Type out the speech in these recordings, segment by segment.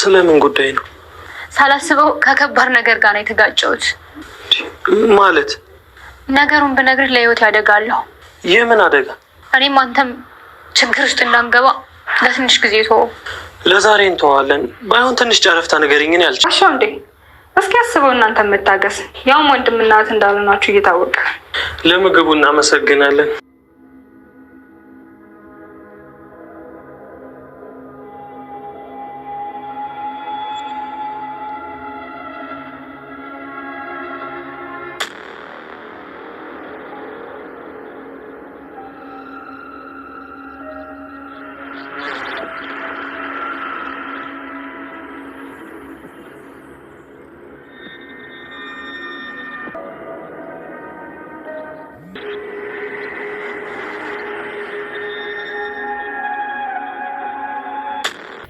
ስለምን ጉዳይ ነው? ሳላስበው ከከባድ ነገር ጋር ነው የተጋጨሁት። ማለት ነገሩን ብነግርህ ለህይወት ያደጋለሁ። የምን አደጋ? እኔም አንተም ችግር ውስጥ እንዳንገባ ለትንሽ ጊዜ ተወው። ለዛሬ እንተዋለን። ባይሆን ትንሽ ጨረፍታ ንገሪኝን ያልች አሻ እንዴ እስኪ አስበው እናንተ መታገስ፣ ያውም ወንድምና እናት እንዳልሆናችሁ እየታወቀ ለምግቡ እናመሰግናለን።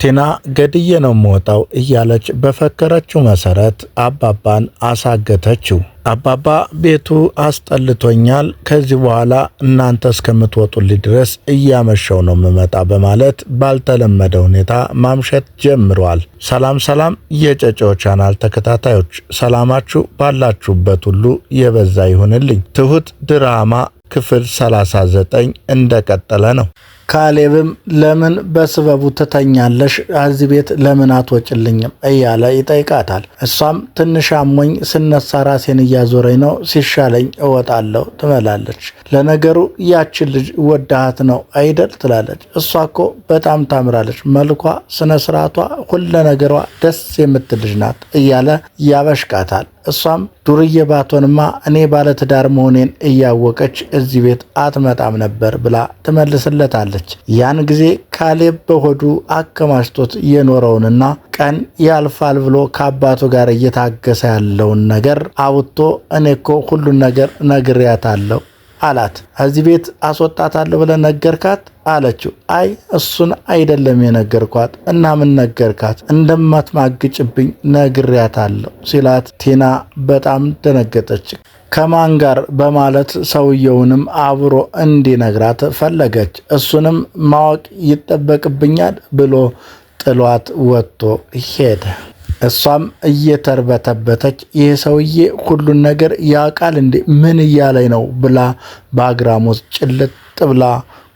ቲና ገድዬ ነው የምወጣው እያለች በፈከረችው መሰረት አባባን አሳገተችው። አባባ ቤቱ አስጠልቶኛል፣ ከዚህ በኋላ እናንተ እስከምትወጡልኝ ድረስ እያመሸው ነው የምመጣ በማለት ባልተለመደ ሁኔታ ማምሸት ጀምሯል። ሰላም ሰላም፣ የጨጨው ቻናል ተከታታዮች ሰላማችሁ ባላችሁበት ሁሉ የበዛ ይሁንልኝ። ትሁት ድራማ ክፍል 39 እንደቀጠለ ነው። ካሌብም ለምን በስበቡ ትተኛለሽ? እዚህ ቤት ለምን አትወጭልኝም? እያለ ይጠይቃታል። እሷም ትንሽ አሞኝ ስነሳ ራሴን እያዞረኝ ነው፣ ሲሻለኝ እወጣለሁ ትመላለች። ለነገሩ ያችን ልጅ ወዳሃት ነው አይደል ትላለች። እሷ እኮ በጣም ታምራለች፣ መልኳ፣ ስነ ስርዓቷ፣ ሁለ ነገሯ ደስ የምትልጅ ናት እያለ ያበሽቃታል። እሷም ዱርዬ ባትሆንማ እኔ ባለትዳር መሆኔን እያወቀች እዚህ ቤት አትመጣም ነበር ብላ ትመልስለታለች። ያን ጊዜ ካሌብ በሆዱ አከማችቶት የኖረውንና ቀን ያልፋል ብሎ ከአባቱ ጋር እየታገሰ ያለውን ነገር አውጥቶ እኔ እኮ ሁሉን ነገር ነግሬያታለሁ አላት። እዚህ ቤት አስወጣታለሁ ብለህ ነገርካት? አለችው። አይ እሱን አይደለም የነገርኳት እና ምን ነገርካት? እንደማትማግጭብኝ ነግሬያታለሁ ሲላት ቲና በጣም ደነገጠች። ከማን ጋር በማለት ሰውየውንም አብሮ እንዲነግራት ፈለገች። እሱንም ማወቅ ይጠበቅብኛል ብሎ ጥሏት ወጥቶ ሄደ። እሷም እየተርበተበተች ይህ ሰውዬ ሁሉን ነገር ያውቃል እንዴ? ምን እያለኝ ነው ብላ በአግራሞት ጭልጥ ብላ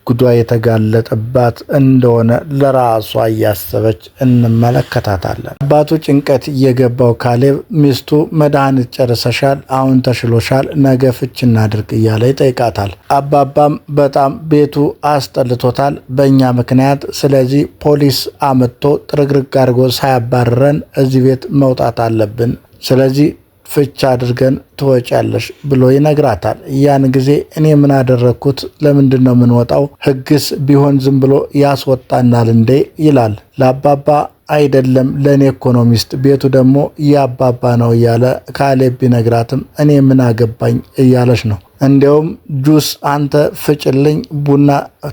ጉዷ የተጋለጠባት እንደሆነ ለራሷ እያሰበች እንመለከታታለን። አባቱ ጭንቀት እየገባው ካሌብ ሚስቱ መድኃኒት ጨርሰሻል፣ አሁን ተሽሎሻል፣ ነገ ፍች እናድርግ እያለ ይጠይቃታል። አባባም በጣም ቤቱ አስጠልቶታል በእኛ ምክንያት፣ ስለዚህ ፖሊስ አመጥቶ ጥርግርግ አድርጎ ሳያባርረን እዚህ ቤት መውጣት አለብን። ስለዚህ ፍቻ አድርገን ትወጫለሽ ብሎ ይነግራታል። ያን ጊዜ እኔ ምን አደረግኩት? ለምንድን ነው የምንወጣው? ህግስ ቢሆን ዝም ብሎ ያስወጣናል እንዴ? ይላል ለአባባ አይደለም ለእኔ ኢኮኖሚስት ቤቱ ደግሞ የአባባ ነው እያለ ካሌብ ቢነግራትም እኔ ምን አገባኝ እያለች ነው እንዲያውም ጁስ አንተ ፍጭልኝ፣ ቡና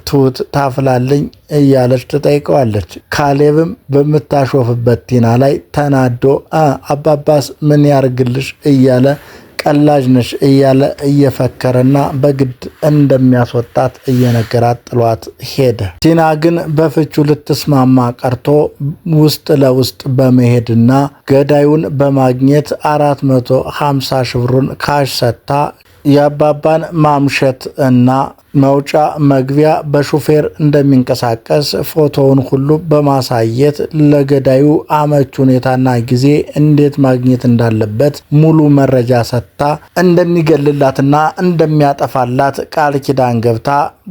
ትሁት ታፍላልኝ እያለች ትጠይቀዋለች። ካሌብም በምታሾፍበት ቲና ላይ ተናዶ አባባስ ምን ያርግልሽ እያለ ቀላጅ ነሽ እያለ እየፈከረና በግድ እንደሚያስወጣት እየነገራት ጥሏት ሄደ። ቲና ግን በፍቹ ልትስማማ ቀርቶ ውስጥ ለውስጥ በመሄድና ገዳዩን በማግኘት 450 ሺህ ሽብሩን ካሽ ሰጥታ የአባባን ማምሸት እና መውጫ መግቢያ በሹፌር እንደሚንቀሳቀስ ፎቶውን ሁሉ በማሳየት ለገዳዩ አመች ሁኔታና ጊዜ እንዴት ማግኘት እንዳለበት ሙሉ መረጃ ሰጥታ እንደሚገልላትና እንደሚያጠፋላት ቃል ኪዳን ገብታ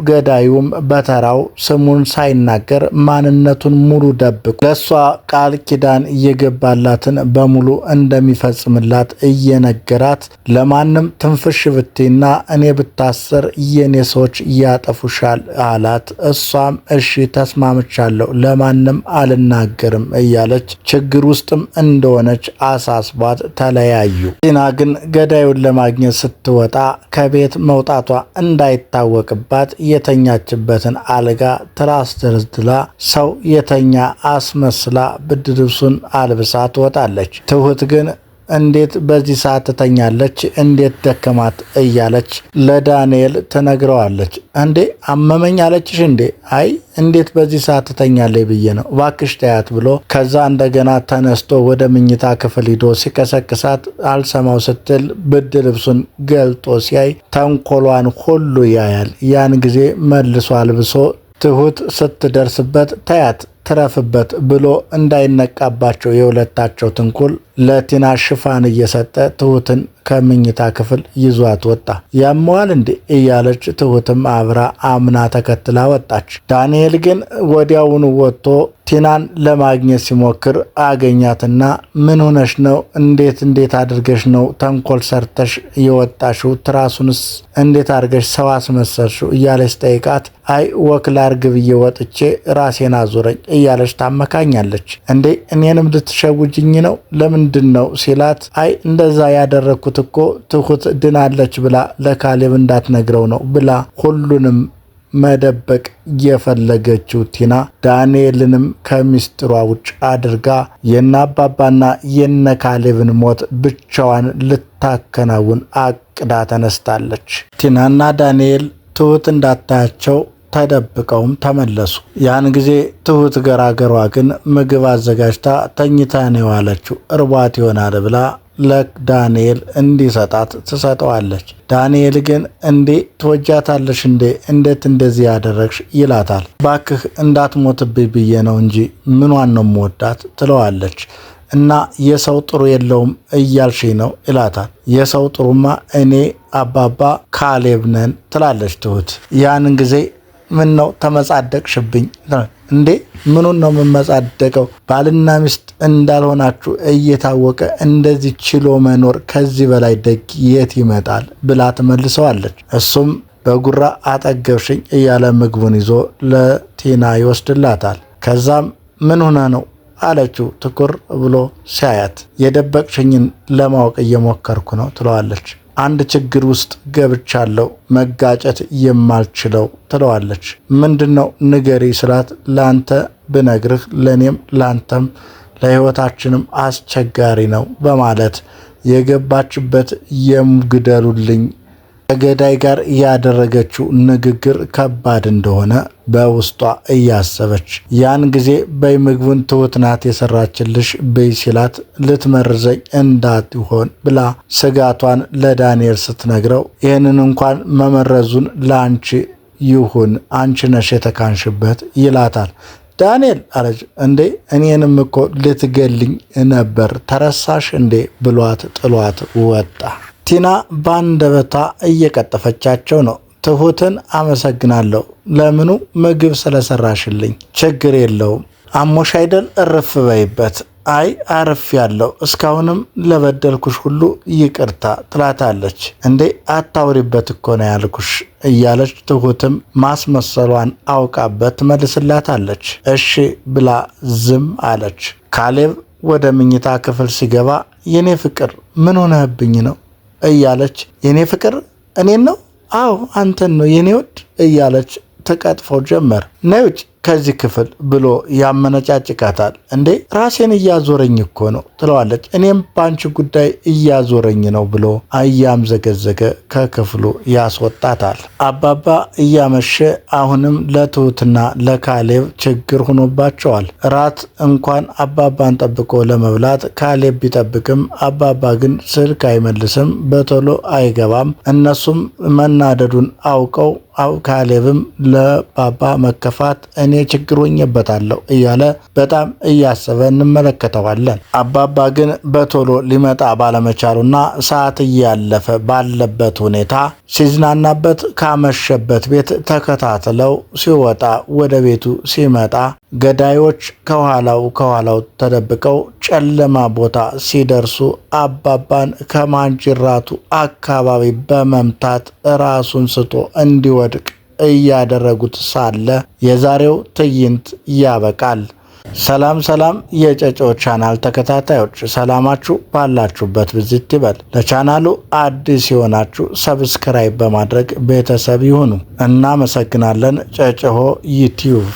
ገዳዩም በተራው ስሙን ሳይናገር ማንነቱን ሙሉ ደብቆ ለእሷ ቃል ኪዳን እየገባላትን በሙሉ እንደሚፈጽምላት እየነገራት ለማንም ትንፍሽ ብቴና እኔ ብታሰር የኔ ሰዎች እያጠፉሻል አላት። እሷም እሺ ተስማምቻለሁ፣ ለማንም አልናገርም እያለች ችግር ውስጥም እንደሆነች አሳስቧት ተለያዩ። ቲና ግን ገዳዩን ለማግኘት ስትወጣ ከቤት መውጣቷ እንዳይታወቅባት የተኛችበትን አልጋ ትራስ ደርድላ ሰው የተኛ አስመስላ ብድ ልብሱን አልብሳ ትወጣለች። ትሁት ግን እንዴት በዚህ ሰዓት ትተኛለች? እንዴት ደከማት? እያለች ለዳንኤል ትነግረዋለች። እንዴ አመመኝ አለችሽ እንዴ? አይ እንዴት በዚህ ሰዓት ትተኛለች ብዬ ነው እባክሽ ተያት ብሎ ከዛ እንደገና ተነስቶ ወደ ምኝታ ክፍል ሂዶ ሲቀሰቅሳት አልሰማው ስትል ብድ ልብሱን ገልጦ ሲያይ ተንኮሏን ሁሉ ያያል። ያን ጊዜ መልሶ አልብሶ ትሁት ስትደርስበት ተያት ትረፍበት ብሎ እንዳይነቃባቸው የሁለታቸው ትንኩል ለቲና ሽፋን እየሰጠ ትሁትን ከምኝታ ክፍል ይዟት ወጣ። ያመዋል እንዴ እያለች ትሁትም አብራ አምና ተከትላ ወጣች። ዳንኤል ግን ወዲያውኑ ወጥቶ ቲናን ለማግኘት ሲሞክር አገኛትና ምን ሆነሽ ነው? እንዴት እንዴት አድርገሽ ነው ተንኮል ሰርተሽ የወጣሽው? ትራሱንስ እንዴት አድርገሽ ሰው አስመሰልሽው? እያለች ጠይቃት አይ ወክል አርግ ብዬ ወጥቼ ራሴን አዙረኝ እያለች ታመካኛለች። እንዴ እኔንም ልትሸውጅኝ ነው? ለምንድን ነው ሲላት፣ አይ እንደዛ ያደረግኩት እኮ ትሁት ድናለች ብላ ለካሌብ እንዳትነግረው ነው ብላ ሁሉንም መደበቅ የፈለገችው ቲና ዳንኤልንም ከሚስጥሯ ውጭ አድርጋ የነአባባና የነካሌብን ሞት ብቻዋን ልታከናውን አቅዳ ተነስታለች። ቲናና ዳንኤል ትሁት እንዳታያቸው ተደብቀውም ተመለሱ። ያን ጊዜ ትሁት ገራገሯ ግን ምግብ አዘጋጅታ ተኝታ ነው የዋለችው። እርቧት ይሆናል ብላ ለዳንኤል እንዲሰጣት ትሰጠዋለች። ዳንኤል ግን እንዴ ትወጃታለሽ እንዴ እንዴት እንደዚህ ያደረግሽ ይላታል። ባክህ እንዳትሞትብኝ ብዬ ነው እንጂ ምኗን ነው የምወዳት ትለዋለች። እና የሰው ጥሩ የለውም እያልሽ ነው ይላታል። የሰው ጥሩማ እኔ አባባ ካሌብ ነን ትላለች ትሁት። ያን ጊዜ ምን ነው ተመጻደቅሽብኝ? እንዴ ምኑን ነው የምመጻደቀው? ባልና ሚስት እንዳልሆናችሁ እየታወቀ እንደዚህ ችሎ መኖር ከዚህ በላይ ደግ የት ይመጣል? ብላ ትመልሰዋለች። እሱም በጉራ አጠገብሽኝ እያለ ምግቡን ይዞ ለቲና ይወስድላታል። ከዛም ምን ሆነ ነው አለችው ትኩር ብሎ ሲያያት። የደበቅሽኝን ለማወቅ እየሞከርኩ ነው ትለዋለች። አንድ ችግር ውስጥ ገብቻለሁ መጋጨት የማልችለው ትለዋለች። ምንድን ነው ንገሪ ስላት፣ ለአንተ ብነግርህ ለእኔም ለአንተም ለህይወታችንም አስቸጋሪ ነው በማለት የገባችበት የምግደሉልኝ ከገዳይ ጋር ያደረገችው ንግግር ከባድ እንደሆነ በውስጧ እያሰበች ያን ጊዜ በይ ምግቡን ትሁት ናት የሰራችልሽ ብይ ሲላት ልትመርዘኝ እንዳትሆን ብላ ስጋቷን ለዳንኤል ስትነግረው ይህንን እንኳን መመረዙን ለአንቺ ይሁን አንቺ ነሽ የተካንሽበት ይላታል። ዳንኤል አለች። እንዴ እኔንም እኮ ልትገልኝ ነበር ተረሳሽ እንዴ ብሏት ጥሏት ወጣ። ቲና በታ እየቀጠፈቻቸው ነው። ትሁትን አመሰግናለሁ። ለምኑ ምግብ ስለሰራሽልኝ። ችግር የለውም አሞሽ አይደል? እርፍ በይበት። አይ አርፍ ያለው እስካሁንም ለበደልኩሽ ሁሉ ይቅርታ ትላታለች። እንዴ አታውሪበት እኮ ነው ያልኩሽ እያለች ትሁትም ማስመሰሏን አውቃበት ትመልስላታለች። እሺ ብላ ዝም አለች። ካሌብ ወደ ምኝታ ክፍል ሲገባ የኔ ፍቅር ምን ሆነህብኝ ነው እያለች የኔ ፍቅር እኔን ነው? አዎ አንተን ነው የኔ ወድ እያለች ተቀጥፎ ጀመር ነውጭ ከዚህ ክፍል ብሎ ያመነጫጭቃታል። እንዴ ራሴን እያዞረኝ እኮ ነው ትለዋለች። እኔም በአንቺ ጉዳይ እያዞረኝ ነው ብሎ እያምዘገዘገ ከክፍሉ ያስወጣታል። አባባ እያመሸ አሁንም ለትሁትና ለካሌብ ችግር ሆኖባቸዋል። ራት እንኳን አባባን ጠብቆ ለመብላት ካሌብ ቢጠብቅም አባባ ግን ስልክ አይመልስም፣ በቶሎ አይገባም። እነሱም መናደዱን አውቀው ካሌብም ለባባ መከፋት እኔ ችግሮኝበታለሁ እያለ በጣም እያሰበ እንመለከተዋለን። አባባ ግን በቶሎ ሊመጣ ባለመቻሉና ሰዓት እያለፈ ባለበት ሁኔታ ሲዝናናበት ካመሸበት ቤት ተከታትለው ሲወጣ ወደ ቤቱ ሲመጣ ገዳዮች ከኋላው ከኋላው ተደብቀው ጨለማ ቦታ ሲደርሱ አባባን ከማንጅራቱ አካባቢ በመምታት ራሱን ስቶ እንዲወድቅ እያደረጉት ሳለ የዛሬው ትዕይንት ያበቃል። ሰላም ሰላም የጨጮ ቻናል ተከታታዮች ሰላማችሁ ባላችሁበት ብዝት ይበል። ለቻናሉ አዲስ የሆናችሁ ሰብስክራይብ በማድረግ ቤተሰብ ይሁኑ። እናመሰግናለን። ጨጨሆ ዩቲዩብ